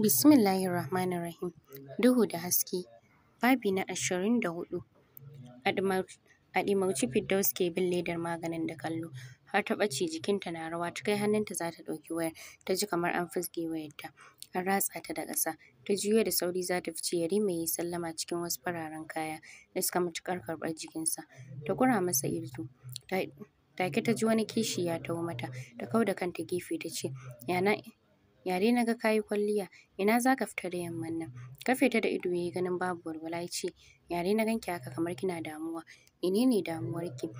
rahim Duhu da haske. Babi na ashirin da hudu. A ke bin ledar maganin da kallo. Har ta ɓace jikinta na rawa ta kai hannunta za ta ɗauki wayar. Ta ji kamar an fuske wayarta. An ratsa ta da ƙasa. Ta juya da sauri za ta fice yari mai yi sallama cikin wasu fararen kaya da suka matuƙar karɓar jikinsa. Ta kura masa ido. Take ta ji wani kishi ya taho mata. Ta kau da kanta gefe ta ce, yare dai na ga ka kwalliya ina za ka fita da yamman nan kafeta fita da ido ya yi ganin babu walwala ya ce ya na ganki haka kamar kina damuwa ine menene damuwarki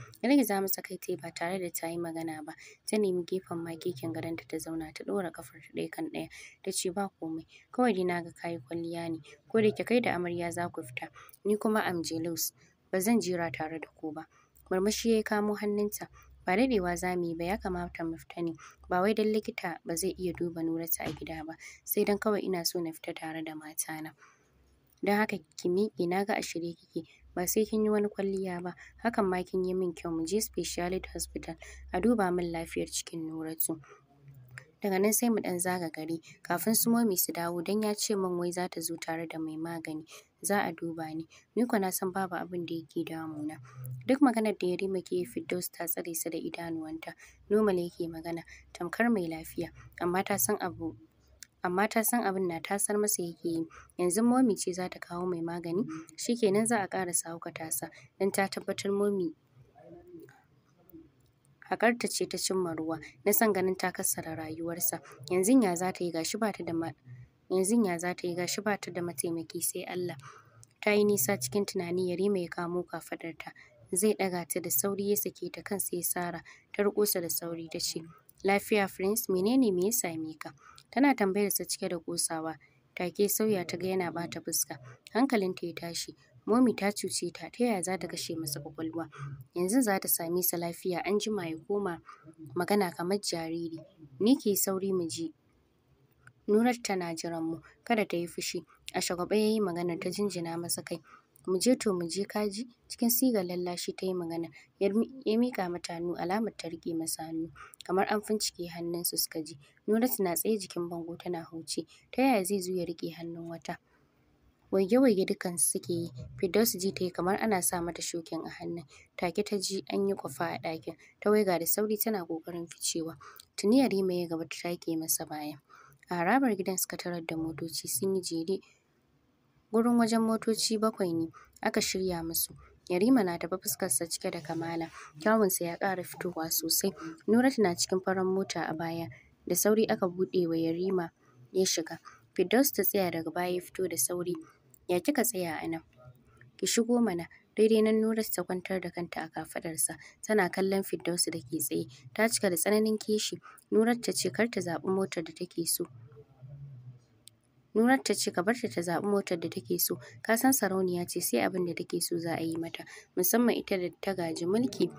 za masa kai ta ba tare da ta yi magana ba ta nemi gefen kin gadonta ta zauna ta ɗora kafar ta ɗaya kan ɗaya ta ce ba komai kawai dai na ga ka kwalliya ne ko da ke kai da amarya za ku fita ni kuma am jealous ba zan jira tare da ku ba murmushi ya kamo hannunta ba daɗewa za mu yi ba ya kamata mu fita ne ba wai don likita ba zai iya duba Nuratu a gida ba sai dan kawai ina so na fita tare da matana. Don haka ki miƙe na ga a shirye kike ba sai kin yi wani kwalliya ba hakan ma kin yi min kyau mu je speciality hospital a duba min lafiyar cikin Nuratu. Daga nan sai mu ɗan zaga gari kafin su momi su dawo dan ya ce min wai za ta zo tare da mai magani. Za a duba ni. Ni kuwa na san babu abin da yake damuna. Duk maganar da Yarima ke yi fiddos ta tsare su da idanuwanta. Normal yake magana tamkar mai lafiya amma ta san abu amma ta san abin na tasar masa yake yi yanzu momi ce za ta kawo mai magani shikenan za a ƙarasa haukata sa dan ta tabbatar momi hakarta ce ta cimma ruwa na san ganin ta kassara rayuwarsa yanzu ya za ta yi gashi ba ta da ba ta da mataimaki sai Allah ta yi nisa cikin tunani Yarima mai kamo kafadarta zai ɗaga ta da sauri ya sake ta kan ya sara ta rukusa da sauri ta ce lafiya prince menene me ya same ka tana tambayarsa cike da kosawa take sauya ta ga yana bata fuska hankalinta ya tashi Momi ta cuce ta, ta yaya za ta kashe masa kwakwalwa? Yanzu za ta same sa lafiya an jima ya koma magana kamar jariri. Ni ke sauri mu je. Nurar tana jiran mu, kada ta yi fushi. A shagwaɓe ya yi magana ta jinjina masa kai. Mu je to mu je ka ji? Cikin sigar lallashi ta yi magana. Ya miƙa mata hannu alamar ta riƙe masa hannu. Kamar an fincike hannunsu suka ji. Nuratu na tsaye jikin bango tana huce. Ta yaya zai zo ya riƙe hannun wata? waige-waige dukansu suke yi. Firdausu ji ta yi kamar ana sa mata shokin a hannun. Take ta ji an yi kwafa a ɗakin. Ta waiga da sauri tana ƙoƙarin ficewa. Tuni Yarima ya gaba ta take masa baya. A harabar gidan suka tarar da motoci sun yi jere. Gurin wajen motoci bakwai ne aka shirya musu. Yarima na taɓa fuskarsa cike da kamala. Kyawunsa ya ƙara fitowa sosai. Nuratu na cikin farar mota a baya. Da sauri aka buɗe wa Yarima ya shiga. Firdaus ta tsaya daga baya ya fito da sauri. Ya kika tsaya a nan? Ki shigo mana. Daidai nan Nura ta kwantar da kanta a kafaɗarsa, tana kallon Firdausu da ke tsaye. Ta cika da tsananin kishi. Nura ta ce kar ta zaɓi motar da take so. Nura ta ce ka barta ta zaɓi motar da take so. Ka san sarauniya ce sai abin da take so za a yi mata, musamman ita da ta gaji mulki.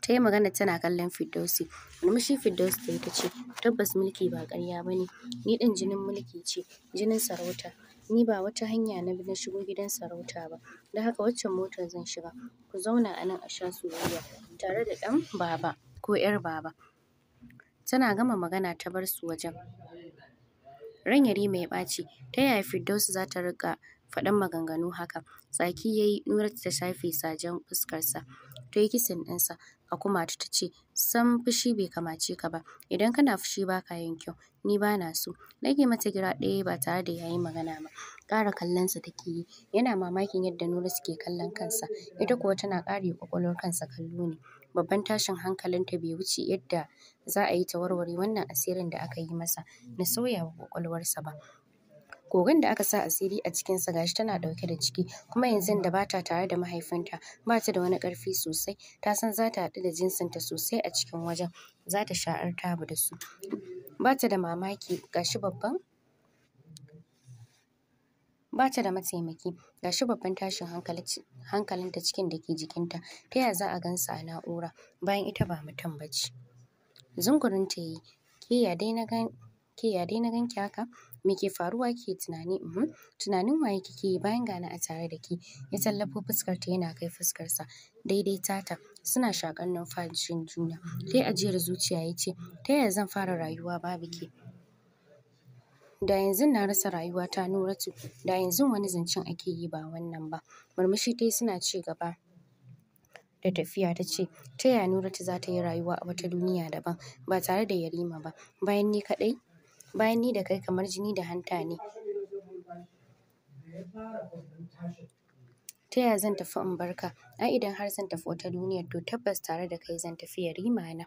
Ta yi magana tana kallon Firdausi. Murmushi Firdausi ta yi ta ce tabbas mulki ba ƙarya ba ne. Ni ɗin jinin mulki ce, jinin sarauta. Ni ba wata hanya na bi na shigo gidan sarauta ba, don haka waccan motar zan shiga. Ku zauna a nan a sha soyayya tare da ɗan Baba ko ƴar Baba. Tana gama magana ta bar su wajen. Ran Yarima ya ɓaci, ta yaya Firdausu za ta riƙa faɗan maganganu haka? Tsaki ya yi, Nura ta shafe sajen fuskarsa, ta yi kissing ɗinsa. a kumatu ta ce, Sam fushi bai kamace ka ba, idan kana fushi ba ka yin kyau, ni ba na so. nage mata gira ɗaya ba tare da yayi magana ba. Ƙara kallonsa take yi, yana mamakin yadda Nura suke kallon kansa, ita kuwa tana ƙare ƙwaƙwalwar kansa kallo ne. Babban tashin hankalinta bai wuce yadda za a yi ta warware wannan asirin da aka yi masa na sauyawa ƙwaƙwalwarsa ba. Kogon da aka sa asiri a cikinsa gashi tana ɗauke da ciki kuma yanzu da bata tare da mahaifinta ba ta da wani ƙarfi sosai ta san za ta haɗu da jinsinta sosai a cikin wajen za ta sha'ar tabu da su. Bata da mamaki gashi babban ta da mataimaki gashi babban tashin hankalinta cikin da ke jikinta ta ya za a gansu a na'ura bayan ita ba mutum Zunkurin Zungurinta yi. ke ya dai na gan ke ya dai na ganki haka? Me ke faruwa ke tunani? Uhum. Tunanin waye kike yi bayan gana a tare da ke? Ya tallafo fuskar ta yana kai fuskarsa. daidai tata Suna shaƙar numfashin juna. Sai ajiyar zuciya ya ce, ta yaya zan fara rayuwa babu ke? Da yanzu na rasa rayuwa ta Nuratu, da yanzu wani zancen ake yi ba wannan ba. Murmushi ta suna ci gaba da tafiya ta ce, ta yaya Nuratu za ta yi rayuwa a wata duniya daban ba tare da Yarima ba, bayan ni kaɗai bayan ni da kai kamar jini da hanta ne. Ta yaya zan tafi in barka? ka? idan har zan tafi wata duniyar to tabbas tare da kai zan tafi yarima na.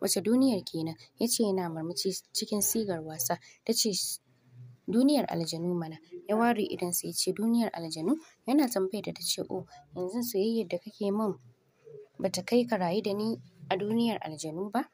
Wace duniyar kenan? Ya ce yana murmushi cikin sigar wasa. Ta ce duniyar aljanu mana. Ya ware idan ya ce duniyar aljanu? Yana tambayar ta ce o oh, yanzu soyayyar da kake min bata kai ka rayu da ni a duniyar aljanu ba?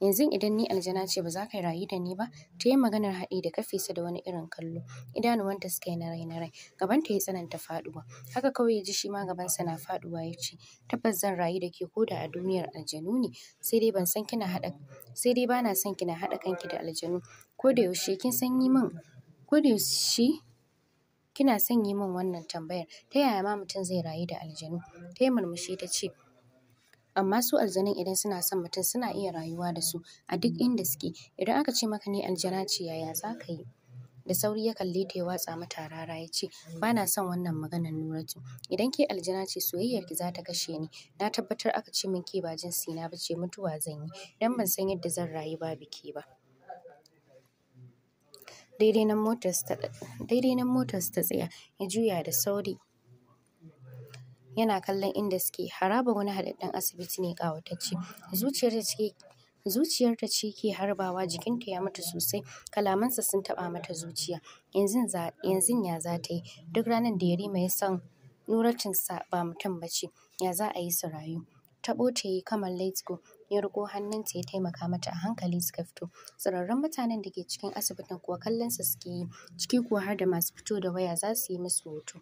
yanzu idan ni aljana ce ba za ka rayu da ni ba ta yi maganar haɗi da kafesa da wani irin kallo idanuwanta suka yi na rai na rai gaban gabanta ya tsananta faɗuwa haka kawai ya ji shi ma gabansa na faɗuwa ya ce tabbas zan rayu da ke ko da a duniyar aljanu ne sai dai ban san kina haɗa sai dai bana son kina haɗa kanki da aljanu ko da yaushe kin san yi min ko da yaushe kina son yi min wannan tambayar ta yaya ma mutum zai rayu da aljanu ta yi murmushi ta ce amma su aljanun idan suna son mutum suna iya rayuwa da su a duk inda suke idan aka ce maka ni aljana ce yaya za ka yi da sauri ya kalli ta ya watsa mata rara ya ce ba na son wannan maganar nuratu idan ke aljana ce soyayyar ki za ta kashe ni na tabbatar aka ce min ke ba jinsi sina ba ce mutuwa zan yi dan ban san yadda zan rayu babu ke ba daidai nan motar ta tsaya ya juya da sauri yana kallon inda suke haraba wani haɗaɗɗen asibiti ne ƙawatacce zuciyar ta ce zuciyar ta ce harbawa jikinta ya mata sosai kalamansa sun taɓa mata zuciya yanzu ya za ta yi duk ranar da Yarima ya san nuratinsa ba mutum ba ce ya za a yi su rayu taɓo ta yi kamar let's ya riko hannunta ya taimaka mata a hankali suka fito tsirarran mutanen da ke cikin asibitin kuwa kallonsa suke yi ciki kuwa har da masu fito da waya za su yi musu hoto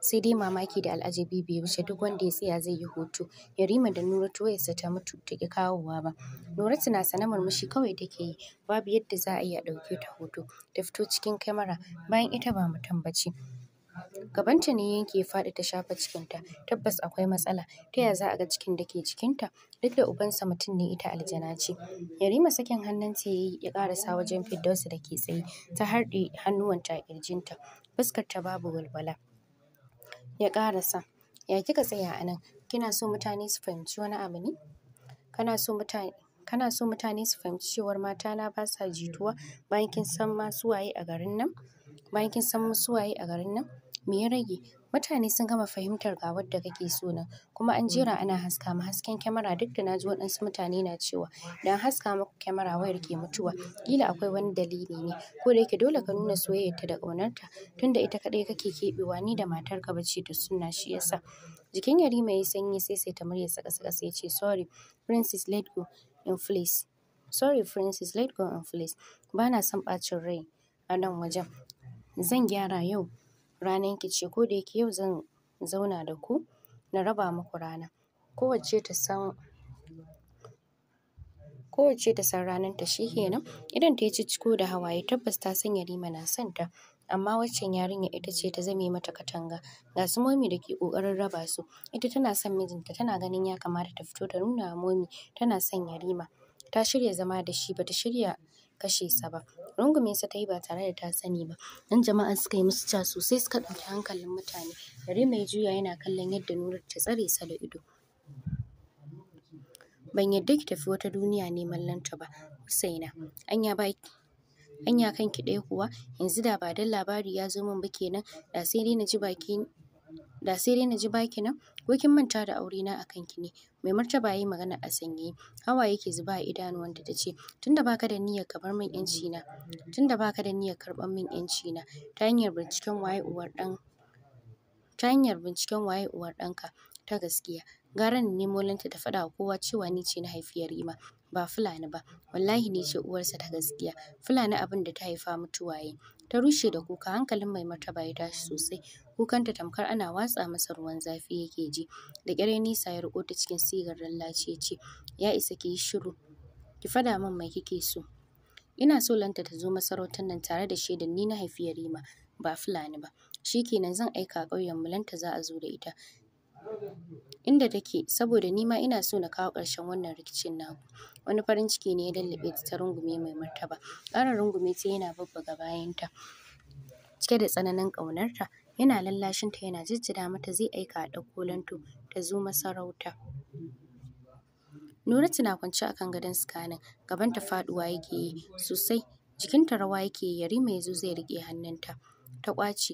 sai dai mamaki da al'ajabi bai wuce duk wanda ya tsaya zai yi hoto. Yarima da Nuratu wayarsa ta mutu ta ki kawowa ba. Nuratu na sana murmushi kawai take yi, babu yadda za a yi a ɗauke ta hoto. Ta fito cikin kamera bayan ita ba mu tambaci. Gabanta ne ya yanke faɗi ta shafa cikinta. Tabbas akwai matsala. Ta ya za a ga cikin da ke cikinta? Duk da ubansa mutum ne ita aljana ce. Yarima sakin hannunta ya yi ya karasa wajen fiddarsa da ke tsaye. Ta harɗe hannuwanta a ƙirjinta. ta babu walwala. ya ƙarasa. Ya kika tsaya a nan? Kina so mutane su fahimci wani abu ne? Kana so mutane kana so mutane su fahimci cewar matana ba sa jituwa bayan kin san ma waye a garin nan? Bayan kin san su waye a garin nan? Me ya rage? Mutane sun gama fahimtar ga wadda kake so nan, kuma an jera ana haska ma hasken kyamara duk da na ji waɗansu mutane na cewa dan haska maka kyamara wayar ke mutuwa. Kila akwai wani dalili ne, ko da yake dole ka nuna soyayyarta da ƙaunarta tunda ita kaɗai kake keɓewa ni da matarka bace da sunna shi yasa. Jikin Yarima ya yi sanyi sai sai ta murya ƙasa ya ce, Sorry, Princess let go in place Sorry, Princess let go in place Ba son ɓacin rai a nan wajen. Zan gyara yau. Ranan, ki ce ko da yake yau zan zauna da ku na raba muku rana. wacce ta san kowacce ta san shi ke Idan ta yi cicciko da hawaye tabbas ta san Yarima na son ta. Amma waccan yarinya ita ce ta zame mata katanga. Ga su Momi da ke ƙoƙarin raba su. Ita tana son mijinta tana ganin ya kamata ta fito ta nuna Momi tana son Yarima. Ta shirya zama da shi ba ta shirya kashe sa ba. Rungume sa ta ba tare da ta sani ba. Nan jama'a suka yi musu ca sosai suka ɗauki hankalin mutane. Yare mai juya yana kallon yadda nurar ta tsare sa da ido. Ban yadda ki tafi wata duniya ne lanta ba, Husaina. Anya ba anya kanki ɗaya kuwa yanzu da ba dan labari ya zo min ba kenan da sai dai na ji baki da sai dai na ji baki nan ko kin manta da aure na akan ki ne mai martaba yayi magana a sanye hawaye yake zuba a idanuwanta tace tunda baka da niyyar ka bar min yanci na tunda baka da niyyar karban min yanci na ta hanyar binciken waye uwar dan ta hanyar binciken waye uwar ɗanka ta gaskiya gara na nemo lanta ta faɗa wa kowa cewa ni ce na haifiyar yarima ba fulani ba wallahi ni ce uwarsa ta gaskiya fulani abin da ta haifa mutuwaye ta rushe da kuka hankalin mai martaba ya tashi sosai kukanta tamkar ana watsa masa ruwan zafi yake ji da ƙyar nisa ya riƙo ta cikin sigar lallace ce ya isa ki yi shiru ki faɗa min mai kike so ina so lanta ta zo masarautar nan tare da shaidan ni na haifi yarima ba fulani ba shikenan zan aika ƙauyen mu lanta za a zo da ita inda take saboda nima ina so na kawo ƙarshen wannan rikicin naku. Wani farin ciki ne ya lallaɓe ta ta rungume mai martaba. Ƙara rungume ta yana babbaga bayanta cike da tsananin ƙaunarta. Yana lallashin ta yana jijjida mata zai aika a ɗauko Lanto ta zo masarauta. nura tana kwance a kan gadon sikanin, gabanta faɗuwa yake yi sosai, jikinta rawa yake yari mai zo zai riƙe hannunta. Ta ƙwace,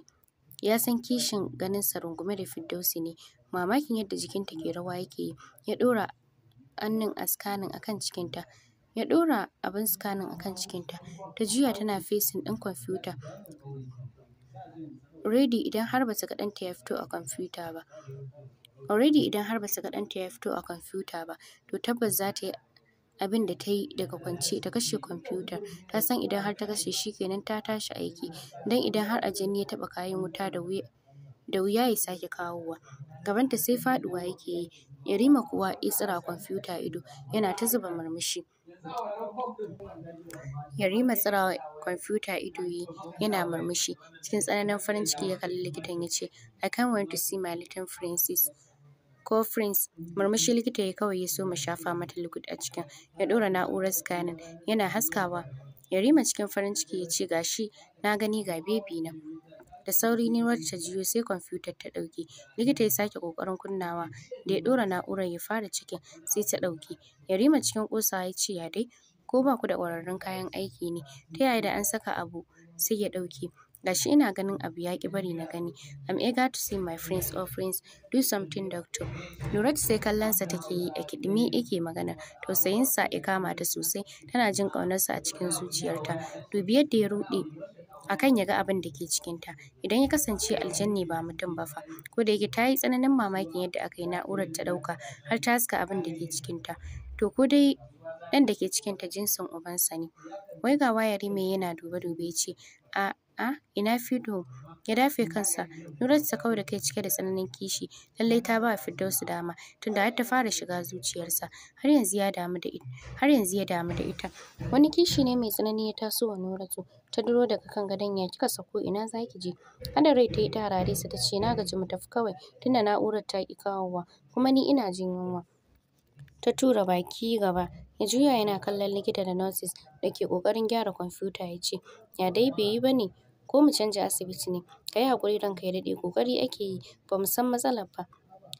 ya san kishin ganinsa rungume da Fiddausi ne, mamakin yadda jikinta ke rawa yake yi ya ɗora hannun a a akan cikinta ya ɗora abin scanning akan cikinta ta juya tana facing ɗin kwamfuta already idan har bata ga ɗanta ya fito a kwamfuta ba already idan har bata ga ɗanta ya fito a kwamfuta ba to tabbas za ta yi abin da ta yi daga kwance ta kashe kwamfuta ta san idan har ta kashe shi kenan ta tashi aiki don idan har ajani ya taɓa kayan wuta da wuya da wuya ya sake kawowa gabanta sai faduwa yake yi yarima kuwa ya tsira kwamfuta ido yana ta zuba murmushi yarima tsira kwamfuta ido yi yana murmushi cikin tsananin farin ciki ya kalli likitan ya ce i can't wait to see my little princess ko prince murmushi likita ya kawai ya so mu shafa mata likud a cikin ya ɗora na'urar scanning yana haskawa yarima cikin farin ciki ya ce gashi na gani ga bebi na Da sauri na'urar ta jiyo sai kwamfutar ta ɗauke. Likita ya sake ƙoƙarin kunnawa da ya ɗora na'urar ya fara cikin sai ta ɗauke. Yarima cikin ƙosawa ya ce ya dai ko ba ku da ƙwararrun kayan aiki ne ta yaya da an saka abu sai ya ɗauke. Gashi ina ganin abu ya ƙi bari na gani. I'm eager to see my friends or oh friends do something doctor. Nuratu sai kallonsa take yi a kidimi yake magana. Tausayinsa ya kama ta sosai. Tana jin ƙaunarsa a cikin zuciyarta. Dubi yadda ya ruɗe akan ya ga abin da ke cikinta idan ya kasance aljanni ba mutum ba fa ko da yake ta yi tsananin mamakin yadda aka yi na'urar ta ɗauka har ta haska abin da ke cikinta to ko dai ɗan da ke cikinta jinsin ubansa ne wai ga wayari mai yana dube-dube ya ce a ina fido ya dafe kansa Nura ta kawo da kai cike da tsananin kishi lallai ta ba Firdausu dama tunda har ta fara shiga zuciyarsa har yanzu ya damu da ita har yanzu ya damu da ita wani kishi ne mai tsanani ya taso wa Nuratu ta duro daga kan gadon ya kika sako ina zaki je hada rai ta yi ta sa ta ce na gaji mu tafi kawai tunda na'urar ta ki kawowa kuma ni ina jin yunwa ta tura baki gaba ya juya yana kallon likita da nurses da ke ƙoƙarin gyara kwamfuta ya ce ya dai bai yi ba ne ko mu canja asibiti ne ka kayi haƙuri ka yi daɗe ƙoƙari ake yi bamu san matsalar ba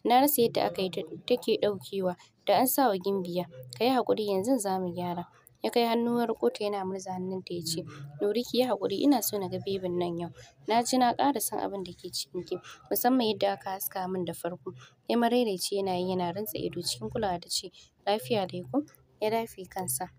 na rasa yadda aka yi take ɗaukewa da an sa wa gimbiya kayi haƙuri za mu gyara ya kai hannu ya yana murza hannunta ya ce Nuri yi hakuri ina so na ga bebin nan yau na ji na ƙara son abin da ke cikin ki musamman yadda aka haska min da farko ya marairaici yana yi yana rantsa ido cikin kulawa ta ce lafiya ya ko ya dafe kansa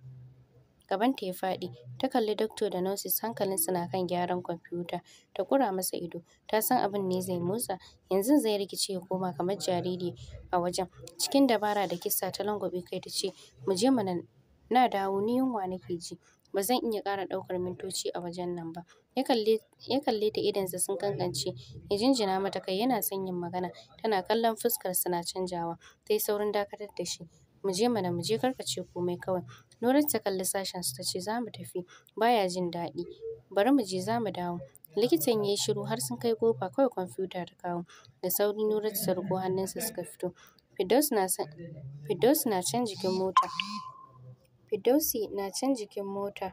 gabanta ya faɗi ta kalli doctor da nurses hankalinsu na kan gyaran kwamfuta ta kura masa ido ta san abin ne zai motsa yanzu zai rikice ya koma kamar jariri a wajen cikin dabara da kissa ta langwabe kai ta ce mu je mana na dawo ni yunwa nake ji ba zan iya ƙara ɗaukar mintoci a wajen nan ba ya kalle ta idonsa sun kankance ya jinjina mata kai yana son yin magana tana kallon fuskarsa na canjawa ta yi saurin dakatar da shi mu je mana mu je karkace komai kawai Nuratu ta kalli sashen su ta ce za mu tafi baya jin daɗi bari mu je za mu dawo likitan ya shiru har sun kai kofa kawai kwamfuta ta kawo da sauri Nuratu ta riƙo hannunsa suka fito Firdausi na Firdausi na can jikin mota Firdausi na can jikin mota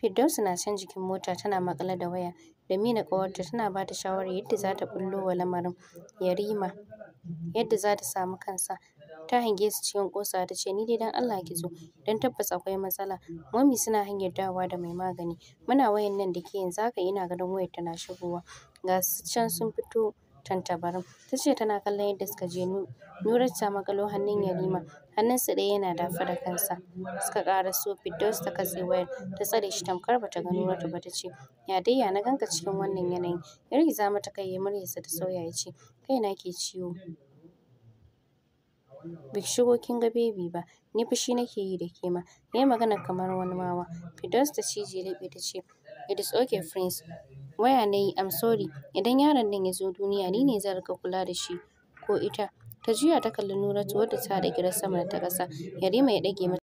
Firdausi na can jikin mota tana makala da waya damina ƙawarta tana ba ta shawarar yadda za ta bullo wa lamarin Yarima, yadda za ta samu kansa. Ta hange su cikin ƙosawa ta ce, Ni dai don Allah ki zo, don tabbas akwai matsala. mami suna hanyar dawowa da mai magani. Muna wayan nan da ke yanzu haka ina ganin wayar tana shigowa. Ga su can sun fito tantabarin. Ta ce tana kallon yadda suka je Nura ta makalo hannun Yarima. hannunsa ɗaya yana dafa da kansa suka ƙara so Fiddaus ta katse wayar ta tsare shi tamkar bata gano wata ba ta ce ya dai ya na ganka cikin wannan yanayin ya rigiza mata kai ya muryarsa ta sauya ya ce kaina ke ciwo bai shigo kin ga bebi ba ni fushi nake yi da ke ma yayi magana kamar wani wawa Firdaus ta cije laɓe ta ce it is okay friends waya na yi I'm sorry idan yaron nan ya zo duniya ni ne zan riƙa kula da shi ko ita ta juya ta kalli Nuratu wadda ta haɗa gidan sama da ta ƙasa. Yarima ya ɗage mata